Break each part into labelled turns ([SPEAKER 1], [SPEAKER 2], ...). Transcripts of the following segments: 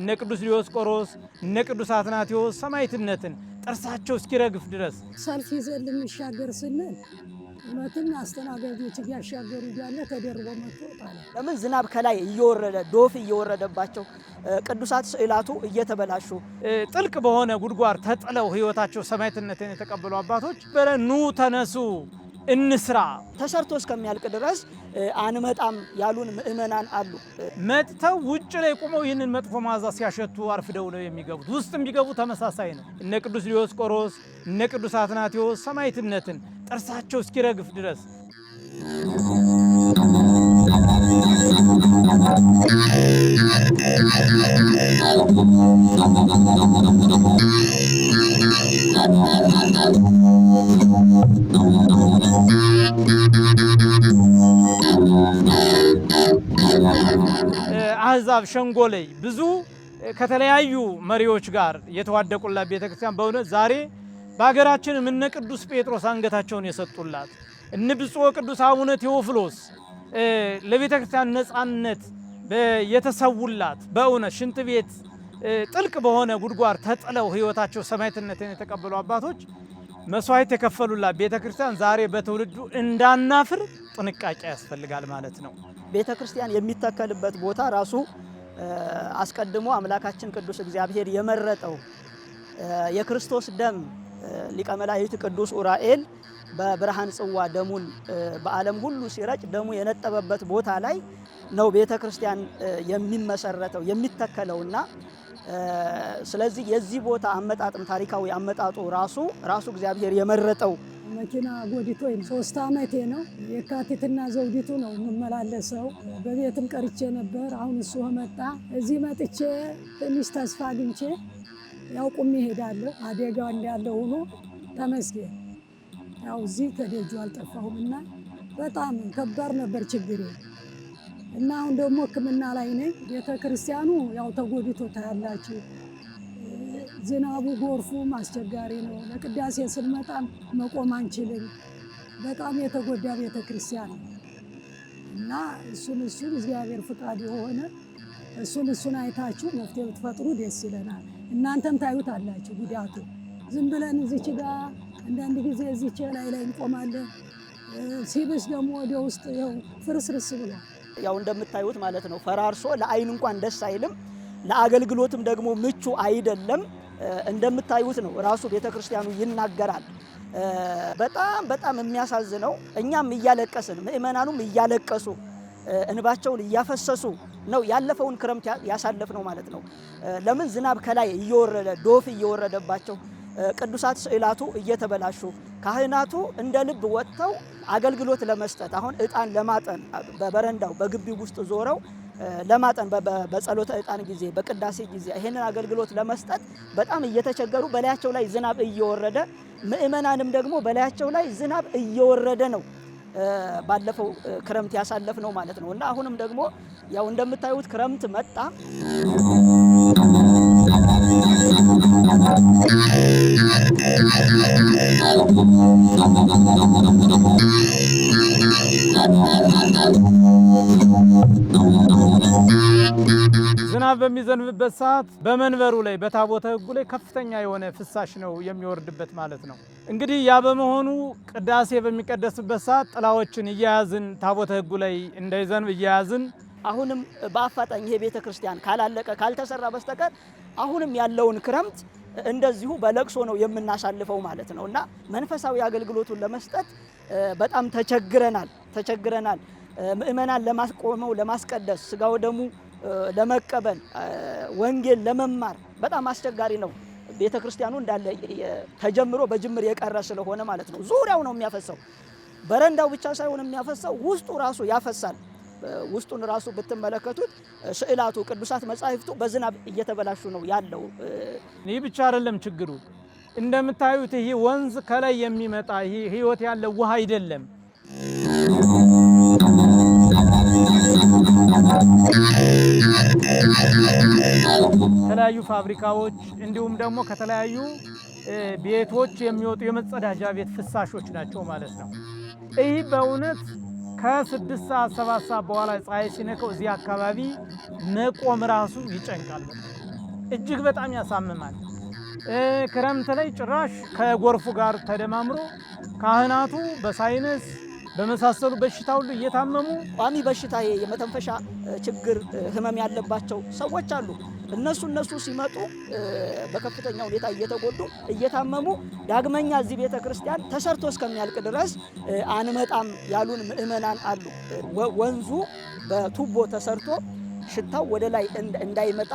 [SPEAKER 1] እነ ቅዱስ ዲዮስቆሮስ እነ ቅዱስ አትናቴዎስ ሰማዕትነትን ጥርሳቸው እስኪረግፍ ድረስ
[SPEAKER 2] ሰልፍ ይዘን ልንሻገር ስንል እውነትም አስተናጋጆች እያሻገሩ እያለ ተደርቦ መጥቶ
[SPEAKER 3] ለምን ዝናብ ከላይ እየወረደ ዶፍ እየወረደባቸው ቅዱሳት ስዕላቱ እየተበላሹ
[SPEAKER 1] ጥልቅ በሆነ ጉድጓድ ተጥለው ህይወታቸው ሰማዕትነትን የተቀበሉ አባቶች በረ ኑ ተነሱ እንስራ
[SPEAKER 3] ተሰርቶ እስከሚያልቅ ድረስ አንመጣም ያሉን ምእመናን አሉ።
[SPEAKER 1] መጥተው ውጭ ላይ ቁመው ይህንን መጥፎ መዓዛ ሲያሸቱ አርፍደው ነው የሚገቡት። ውስጥ የሚገቡ ተመሳሳይ ነው። እነ ቅዱስ ዲዮስቆሮስ እነ ቅዱስ አትናቴዎስ ሰማዕትነትን ጥርሳቸው እስኪረግፍ ድረስ አህዛብ ሸንጎ ላይ ብዙ ከተለያዩ መሪዎች ጋር የተዋደቁላት ቤተክርስቲያን በእውነት ዛሬ በሀገራችን እነ ቅዱስ ጴጥሮስ አንገታቸውን የሰጡላት እነ ብፁዕ ቅዱስ አቡነ ቴዎፍሎስ ለቤተ ክርስቲያን ነጻነት የተሰውላት በእውነት ሽንት ቤት ጥልቅ በሆነ ጉድጓድ ተጥለው ሕይወታቸው ሰማዕትነትን የተቀበሉ አባቶች መስዋዕት የከፈሉላት ቤተ ክርስቲያን ዛሬ በትውልዱ እንዳናፍር ጥንቃቄ ያስፈልጋል ማለት ነው።
[SPEAKER 3] ቤተ ክርስቲያን የሚተከልበት ቦታ ራሱ አስቀድሞ አምላካችን ቅዱስ እግዚአብሔር የመረጠው የክርስቶስ ደም ሊቀ መላእክት ቅዱስ ኡራኤል በብርሃን ጽዋ ደሙን በዓለም ሁሉ ሲረጭ ደሙ የነጠበበት ቦታ ላይ ነው ቤተ ክርስቲያን የሚመሰረተው የሚተከለውና ስለዚህ የዚህ ቦታ አመጣጥም ታሪካዊ አመጣጡ ራሱ ራሱ እግዚአብሔር የመረጠው
[SPEAKER 2] መኪና ጎዲቶ ሶስት አመቴ ነው። የካቲትና ዘውዲቱ ነው የምመላለሰው። በቤትም ቀርቼ ነበር። አሁን እሱ መጣ። እዚህ መጥቼ ትንሽ ተስፋ አግኝቼ ያው ቁሜ እሄዳለሁ። አደጋው እንዳለ ሆኖ ተመስገን ያው እዚህ ከደጁ አልጠፋሁም እና በጣም ከባድ ነበር ችግሬ እና አሁን ደግሞ ሕክምና ላይ ነኝ። ቤተክርስቲያኑ ያው ተጎድቶ ታያላችሁ። ዝናቡ፣ ጎርፉም አስቸጋሪ ነው። ለቅዳሴ ስንመጣም መቆም አንችልም። በጣም የተጎዳ ቤተክርስቲያን እና እሱን እሱን እግዚአብሔር ፍቃድ የሆነ እሱን እሱን አይታችሁ መፍትሄ ብትፈጥሩ ደስ ይለናል። እናንተም ታዩት አላችሁ ጉዳቱ። ዝም ብለን እዚች ጋ አንዳንድ ጊዜ እዚች ላይ ላይ እንቆማለን። ሲብስ ደግሞ ወደ ውስጥ ይኸው ፍርስርስ ብሏል።
[SPEAKER 3] ያው እንደምታዩት ማለት ነው ፈራርሶ ለአይን እንኳን ደስ አይልም። ለአገልግሎትም ደግሞ ምቹ አይደለም። እንደምታዩት ነው ራሱ ቤተ ክርስቲያኑ ይናገራል። በጣም በጣም የሚያሳዝነው እኛም እያለቀስን ምእመናኑም እያለቀሱ እንባቸውን እያፈሰሱ ነው ያለፈውን ክረምት ያሳለፍ ነው ማለት ነው። ለምን ዝናብ ከላይ እየወረደ ዶፍ እየወረደባቸው ቅዱሳት ስዕላቱ እየተበላሹ ካህናቱ እንደ ልብ ወጥተው አገልግሎት ለመስጠት አሁን እጣን ለማጠን በበረንዳው በግቢው ውስጥ ዞረው ለማጠን በጸሎተ እጣን ጊዜ በቅዳሴ ጊዜ ይህንን አገልግሎት ለመስጠት በጣም እየተቸገሩ በላያቸው ላይ ዝናብ እየወረደ ምእመናንም ደግሞ በላያቸው ላይ ዝናብ እየወረደ ነው ባለፈው ክረምት ያሳለፍ ነው ማለት ነው። እና አሁንም ደግሞ ያው እንደምታዩት ክረምት መጣ። ዝናብ
[SPEAKER 1] በሚዘንብበት ሰዓት በመንበሩ ላይ በታቦተ ሕጉ ላይ ከፍተኛ የሆነ ፍሳሽ ነው የሚወርድበት ማለት ነው። እንግዲህ ያ በመሆኑ ቅዳሴ በሚቀደስበት ሰዓት ጥላዎችን እያያዝን ታቦተ ሕጉ ላይ እንዳይዘንብ እያያዝን
[SPEAKER 3] አሁንም በአፋጣኝ ይሄ ቤተ ክርስቲያን ካላለቀ ካልተሰራ በስተቀር አሁንም ያለውን ክረምት እንደዚሁ በለቅሶ ነው የምናሳልፈው ማለት ነው እና መንፈሳዊ አገልግሎቱን ለመስጠት በጣም ተቸግረናል ተቸግረናል። ምእመናን ለማስቆመው ለማስቀደስ ስጋው ደሙ ለመቀበል ወንጌል ለመማር በጣም አስቸጋሪ ነው። ቤተ ክርስቲያኑ እንዳለ ተጀምሮ በጅምር የቀረ ስለሆነ ማለት ነው። ዙሪያው ነው የሚያፈሰው፣ በረንዳው ብቻ ሳይሆን የሚያፈሰው ውስጡ ራሱ ያፈሳል። ውስጡን ራሱ ብትመለከቱት ስዕላቱ፣ ቅዱሳት መጻሕፍቱ በዝናብ እየተበላሹ ነው ያለው።
[SPEAKER 1] ይህ ብቻ አይደለም ችግሩ። እንደምታዩት ይህ ወንዝ ከላይ የሚመጣ ይህ ህይወት ያለው ውሃ አይደለም። ከተለያዩ ፋብሪካዎች እንዲሁም ደግሞ ከተለያዩ ቤቶች የሚወጡ የመጸዳጃ ቤት ፍሳሾች ናቸው ማለት ነው። ይህ በእውነት ከስድስት ሰዓት ሰባት ሰዓት በኋላ ፀሐይ ሲነከው እዚህ አካባቢ መቆም ራሱ ይጨንቃል። እጅግ በጣም ያሳምማል። ክረምት ላይ ጭራሽ ከጎርፉ ጋር ተደማምሮ ካህናቱ በሳይነስ በመሳሰሉ በሽታ ሁሉ እየታመሙ
[SPEAKER 3] ቋሚ በሽታ የመተንፈሻ ችግር ህመም ያለባቸው ሰዎች አሉ። እነሱ እነሱ ሲመጡ በከፍተኛ ሁኔታ እየተጎዱ እየታመሙ ዳግመኛ እዚህ ቤተ ክርስቲያን ተሰርቶ እስከሚያልቅ ድረስ አንመጣም ያሉን ምእመናን አሉ። ወንዙ በቱቦ ተሰርቶ ሽታው ወደ ላይ እንዳይመጣ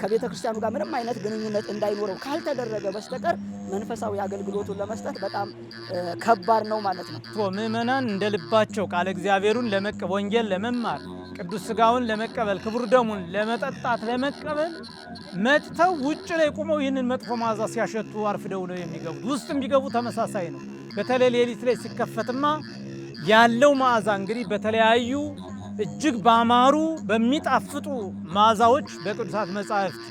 [SPEAKER 3] ከቤተ ክርስቲያኑ ጋር ምንም አይነት ግንኙነት እንዳይኖረው ካልተደረገ በስተቀር መንፈሳዊ አገልግሎቱን ለመስጠት በጣም ከባድ ነው ማለት ነው።
[SPEAKER 1] ምእመናን እንደ ልባቸው ቃለ እግዚአብሔሩን ለመቅ ወንጌል ለመማር ቅዱስ ስጋውን ለመቀበል ክቡር ደሙን ለመጠጣት ለመቀበል መጥተው ውጭ ላይ ቁመው ይህንን መጥፎ መዓዛ ሲያሸቱ አርፍደው ነው የሚገቡት። ውስጥ የሚገቡ ተመሳሳይ ነው። በተለይ ሌሊት ላይ ሲከፈትማ ያለው መዓዛ እንግዲህ በተለያዩ እጅግ ባማሩ በሚጣፍጡ መዓዛዎች በቅዱሳት መጻሕፍት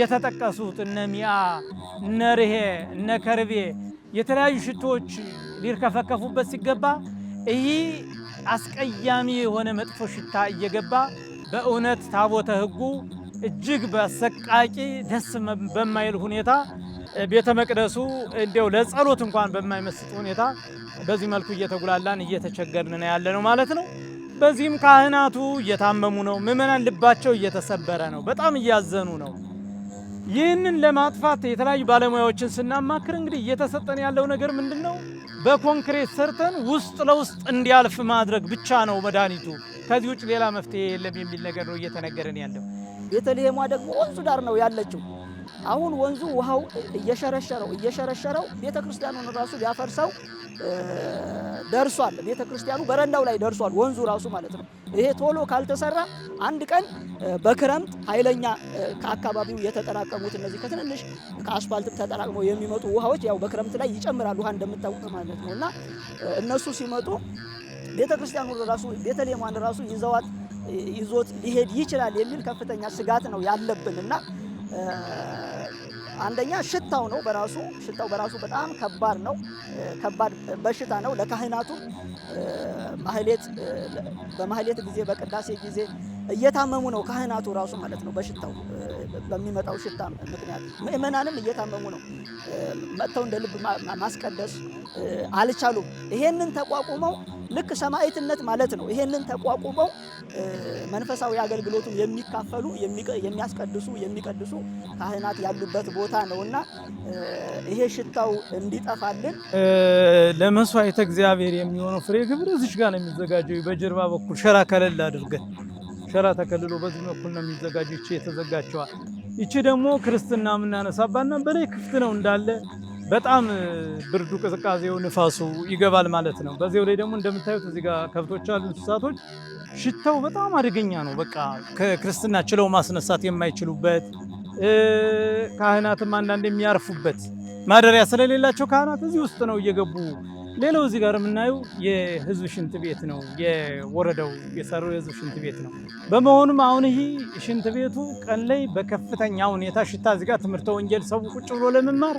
[SPEAKER 1] የተጠቀሱት እነ ሚያ እነ ርሄ እነ ከርቤ የተለያዩ ሽቶዎች ሊርከፈከፉበት ሲገባ ይህ አስቀያሚ የሆነ መጥፎ ሽታ እየገባ በእውነት ታቦተ ሕጉ እጅግ በሰቃቂ ደስ በማይል ሁኔታ ቤተ መቅደሱ እንዲያው ለጸሎት እንኳን በማይመስጥ ሁኔታ በዚህ መልኩ እየተጉላላን እየተቸገርን ያለ ነው ማለት ነው። በዚህም ካህናቱ እየታመሙ ነው። ምእመናን ልባቸው እየተሰበረ ነው። በጣም እያዘኑ ነው። ይህንን ለማጥፋት የተለያዩ ባለሙያዎችን ስናማክር እንግዲህ እየተሰጠን ያለው ነገር ምንድን ነው? በኮንክሬት ሰርተን ውስጥ ለውስጥ እንዲያልፍ ማድረግ ብቻ ነው መድኃኒቱ። ከዚህ ውጭ ሌላ መፍትሄ የለም የሚል ነገር ነው እየተነገረን ያለው።
[SPEAKER 3] ቤተልሔሟ ደግሞ ወንዙ ዳር ነው ያለችው። አሁን ወንዙ ውሃው እየሸረሸረው እየሸረሸረው ቤተ ክርስቲያኑን ራሱ ሊያፈርሰው ደርሷል። ቤተ ክርስቲያኑ በረንዳው ላይ ደርሷል፣ ወንዙ ራሱ ማለት ነው። ይሄ ቶሎ ካልተሰራ አንድ ቀን በክረምት ኃይለኛ ከአካባቢው የተጠራቀሙት እነዚህ ከትንንሽ ከአስፋልትም ተጠራቅመው የሚመጡ ውሃዎች ያው በክረምት ላይ ይጨምራል ውሃ እንደምታውቁት ማለት ነው። እና እነሱ ሲመጡ ቤተ ክርስቲያኑ ራሱ ቤተልሔሟን ራሱ ይዘዋት ይዞት ሊሄድ ይችላል የሚል ከፍተኛ ስጋት ነው ያለብን እና አንደኛ ሽታው ነው በራሱ ሽታው በራሱ በጣም ከባድ ነው፣ ከባድ በሽታ ነው። ለካህናቱ ማህሌት በማህሌት ጊዜ በቅዳሴ ጊዜ እየታመሙ ነው ካህናቱ ራሱ ማለት ነው። በሽታው በሚመጣው ሽታ ምክንያት ምእመናንም እየታመሙ ነው። መጥተው እንደ ልብ ማስቀደስ አልቻሉም። ይሄንን ተቋቁመው ልክ ሰማዕትነት ማለት ነው። ይሄንን ተቋቁመው መንፈሳዊ አገልግሎቱን የሚካፈሉ የሚያስቀድሱ፣ የሚቀድሱ ካህናት ያሉበት ቦታ እና ይሄ ሽታው እንዲጠፋልን
[SPEAKER 1] ለመስዋዕተ እግዚአብሔር የሚሆነው ፍሬ ግብር እዚሽ ጋር ነው የሚዘጋጀው። በጀርባ በኩል ሸራ ከለል አድርገን ሸራ ተከልሎ በዚህ በኩል ነው የሚዘጋጅ። ይቺ የተዘጋቸዋል። ይቺ ደግሞ ክርስትና የምናነሳባና በላይ ክፍት ነው እንዳለ በጣም ብርዱ፣ ቅዝቃዜው፣ ንፋሱ ይገባል ማለት ነው። በዚያው ላይ ደግሞ እንደምታዩት እዚህ ጋር ከብቶች አሉ፣ እንስሳቶች ሽታው በጣም አደገኛ ነው። በቃ ከክርስትና ችለው ማስነሳት የማይችሉበት ካህናትም አንዳንድ የሚያርፉበት ማደሪያ ስለሌላቸው ካህናት እዚህ ውስጥ ነው እየገቡ ሌላው እዚህ ጋር የምናየው የህዝብ ሽንት ቤት ነው። የወረዳው የሰራው የህዝብ ሽንት ቤት ነው። በመሆኑም አሁን ይህ ሽንት ቤቱ ቀን ላይ በከፍተኛ ሁኔታ ሽታ እዚህ ጋር ትምህርተ ወንጌል ሰው ቁጭ ብሎ ለመማር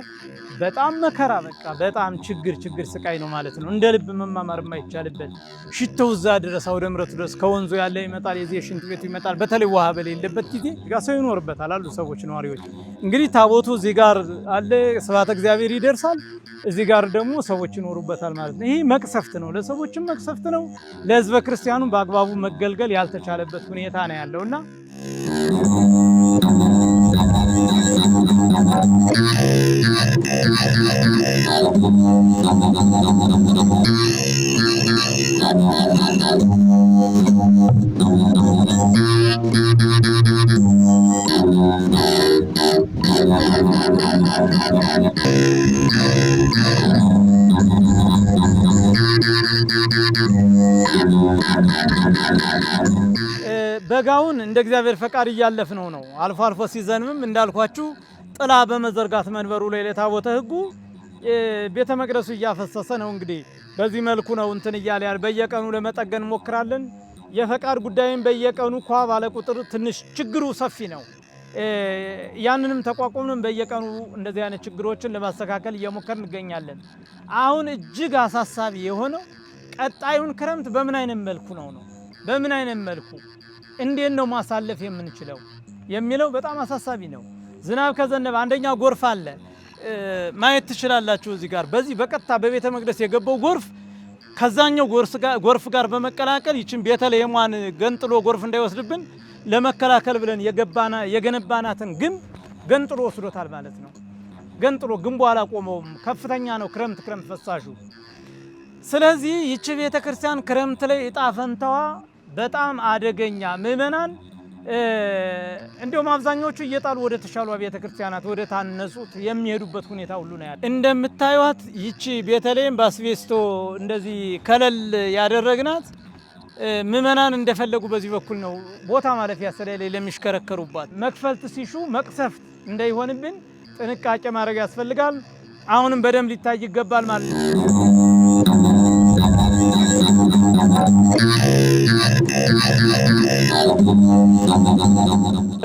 [SPEAKER 1] በጣም መከራ፣ በቃ በጣም ችግር ችግር ስቃይ ነው ማለት ነው። እንደ ልብ መማማር የማይቻልበት ሽታው እዛ ድረስ አውደ ምረቱ ድረስ ከወንዙ ያለ ይመጣል፣ የዚህ ሽንት ቤቱ ይመጣል። በተለይ ውሃ በሌለበት ጊዜ ጋር ሰው ይኖርበታል አሉ ሰዎች ነዋሪዎች። እንግዲህ ታቦቱ እዚህ ጋር አለ፣ ስብሐተ እግዚአብሔር ይደርሳል። እዚህ ጋር ደግሞ ሰዎች ይኖሩበታል። ይመጣል ማለት ነው። ይህ መቅሰፍት ነው፣ ለሰዎችም መቅሰፍት ነው። ለህዝበ ክርስቲያኑ በአግባቡ መገልገል ያልተቻለበት ሁኔታ ነው ያለውና በጋውን እንደ እግዚአብሔር ፈቃድ እያለፍ ነው አልፎ አልፎ ሲዘንብም እንዳልኳችሁ ጥላ በመዘርጋት መንበሩ ላይ ለታቦተ ሕጉ ቤተ መቅደሱ እያፈሰሰ ነው። እንግዲህ በዚህ መልኩ ነው እንትን እያለ ያል በየቀኑ ለመጠገን እንሞክራለን። የፈቃድ ጉዳይም በየቀኑ ኳ ባለ ቁጥር ትንሽ ችግሩ ሰፊ ነው። ያንንም ተቋቁመን በየቀኑ እንደዚህ አይነት ችግሮችን ለማስተካከል እየሞከር እንገኛለን። አሁን እጅግ አሳሳቢ የሆነው ቀጣዩን ክረምት በምን አይነት መልኩ ነው ነው በምን አይነት መልኩ እንዴት ነው ማሳለፍ የምንችለው የሚለው በጣም አሳሳቢ ነው። ዝናብ ከዘነበ አንደኛ ጎርፍ አለ ማየት ትችላላችሁ። እዚህ ጋር በዚህ በቀጥታ በቤተ መቅደስ የገባው ጎርፍ ከዛኛው ጎርፍ ጋር በመቀላቀል ይችን ቤተልሔሟን ገንጥሎ ጎርፍ እንዳይወስድብን ለመከላከል ብለን የገነባናትን ግንብ ገንጥሎ ወስዶታል ማለት ነው። ገንጥሎ ግንቡ አላቆመውም። ከፍተኛ ነው ክረምት ክረምት ፈሳሹ ስለዚህ ይቺ ቤተ ክርስቲያን ክረምት ላይ እጣ ፈንታዋ በጣም አደገኛ ምእመናን እንዲሁም አብዛኞቹ እየጣሉ ወደ ተሻሏ ቤተ ክርስቲያናት ወደ ታነጹት የሚሄዱበት ሁኔታ ሁሉ ነው ያለ። እንደምታዩት ይቺ ቤተልሔም በአስቤስቶ እንደዚህ ከለል ያደረግናት ምእመናን እንደፈለጉ በዚህ በኩል ነው ቦታ ማለፊያ ስለሌለ ለሚሽከረከሩባት መክፈልት ሲሹ መቅሰፍት እንዳይሆንብን ጥንቃቄ ማድረግ ያስፈልጋል። አሁንም በደንብ ሊታይ ይገባል ማለት ነው።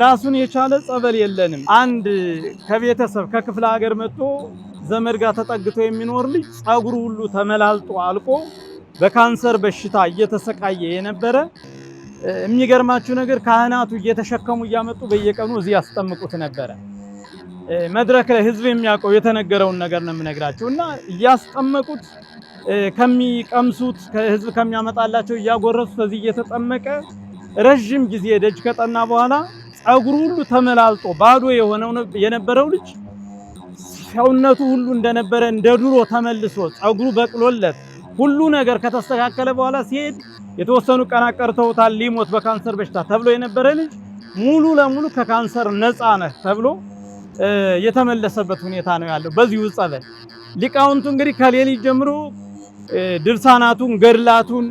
[SPEAKER 1] ራሱን የቻለ ጸበል የለንም። አንድ ከቤተሰብ ከክፍለ ሀገር መጥቶ ዘመድ ጋር ተጠግቶ የሚኖር ልጅ ጸጉሩ ሁሉ ተመላልጦ አልቆ በካንሰር በሽታ እየተሰቃየ የነበረ የሚገርማችሁ ነገር ካህናቱ እየተሸከሙ እያመጡ በየቀኑ እዚህ ያስጠምቁት ነበረ። መድረክ ላይ ህዝብ የሚያውቀው የተነገረውን ነገር ነው የምነግራችሁ እና እያስጠመቁት ከሚቀምሱት ከህዝብ ከሚያመጣላቸው እያጎረሱ ከዚህ እየተጠመቀ ረዥም ጊዜ ደጅ ከጠና በኋላ ጸጉሩ ሁሉ ተመላልጦ ባዶ የሆነው የነበረው ልጅ ሰውነቱ ሁሉ እንደነበረ እንደ ድሮ ተመልሶ ጸጉሩ በቅሎለት ሁሉ ነገር ከተስተካከለ በኋላ ሲሄድ የተወሰኑ ቀናት ቀርተውታል ሊሞት በካንሰር በሽታ ተብሎ የነበረ ልጅ ሙሉ ለሙሉ ከካንሰር ነፃ ነህ ተብሎ የተመለሰበት ሁኔታ ነው ያለው። በዚሁ ጸበል ሊቃውንቱ እንግዲህ ከሌሊት ጀምሮ ድርሳናቱን ገድላቱን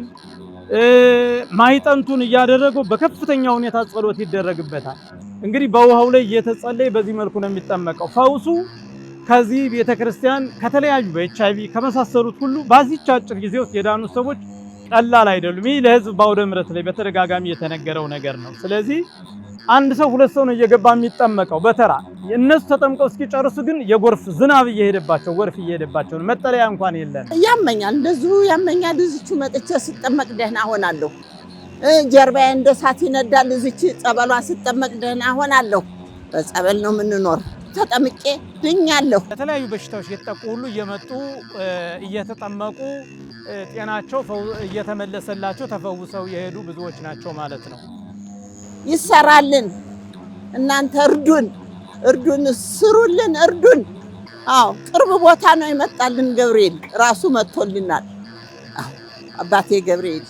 [SPEAKER 1] ማይጠንቱን እያደረጉ በከፍተኛ ሁኔታ ጸሎት ይደረግበታል። እንግዲህ በውሃው ላይ እየተጸለይ በዚህ መልኩ ነው የሚጠመቀው። ፈውሱ ከዚህ ቤተ ክርስቲያን ከተለያዩ በኤች አይቪ ከመሳሰሉት ሁሉ በዚች አጭር ጊዜ ውስጥ የዳኑ ሰዎች ቀላል አይደሉም። ይህ ለህዝብ በአውደ ምረት ላይ በተደጋጋሚ የተነገረው ነገር ነው። ስለዚህ አንድ ሰው ሁለት ሰው ነው እየገባ የሚጠመቀው በተራ እነሱ ተጠምቀው እስኪጨርሱ ግን የጎርፍ ዝናብ እየሄደባቸው ጎርፍ እየሄደባቸው መጠለያ እንኳን የለን።
[SPEAKER 3] ያመኛል፣ እንደዚሁ ያመኛል። እዚቹ መጥቼ ስጠመቅ ደህና ሆናለሁ። ጀርባዬ እንደ ሳት ይነዳል። እዚች ጸበሏ ስጠመቅ ደህና ሆናለሁ። በጸበል ነው የምንኖር። ተጠምቄ ድኛለሁ።
[SPEAKER 1] የተለያዩ በሽታዎች እየተጠቁ ሁሉ እየመጡ እየተጠመቁ ጤናቸው እየተመለሰላቸው ተፈውሰው የሄዱ ብዙዎች ናቸው ማለት ነው።
[SPEAKER 3] ይሰራልን። እናንተ እርዱን፣ እርዱን፣ ስሩልን፣ እርዱን። አዎ ቅርብ ቦታ ነው የመጣልን ገብርኤል ራሱ መጥቶልናል። አባቴ ገብርኤል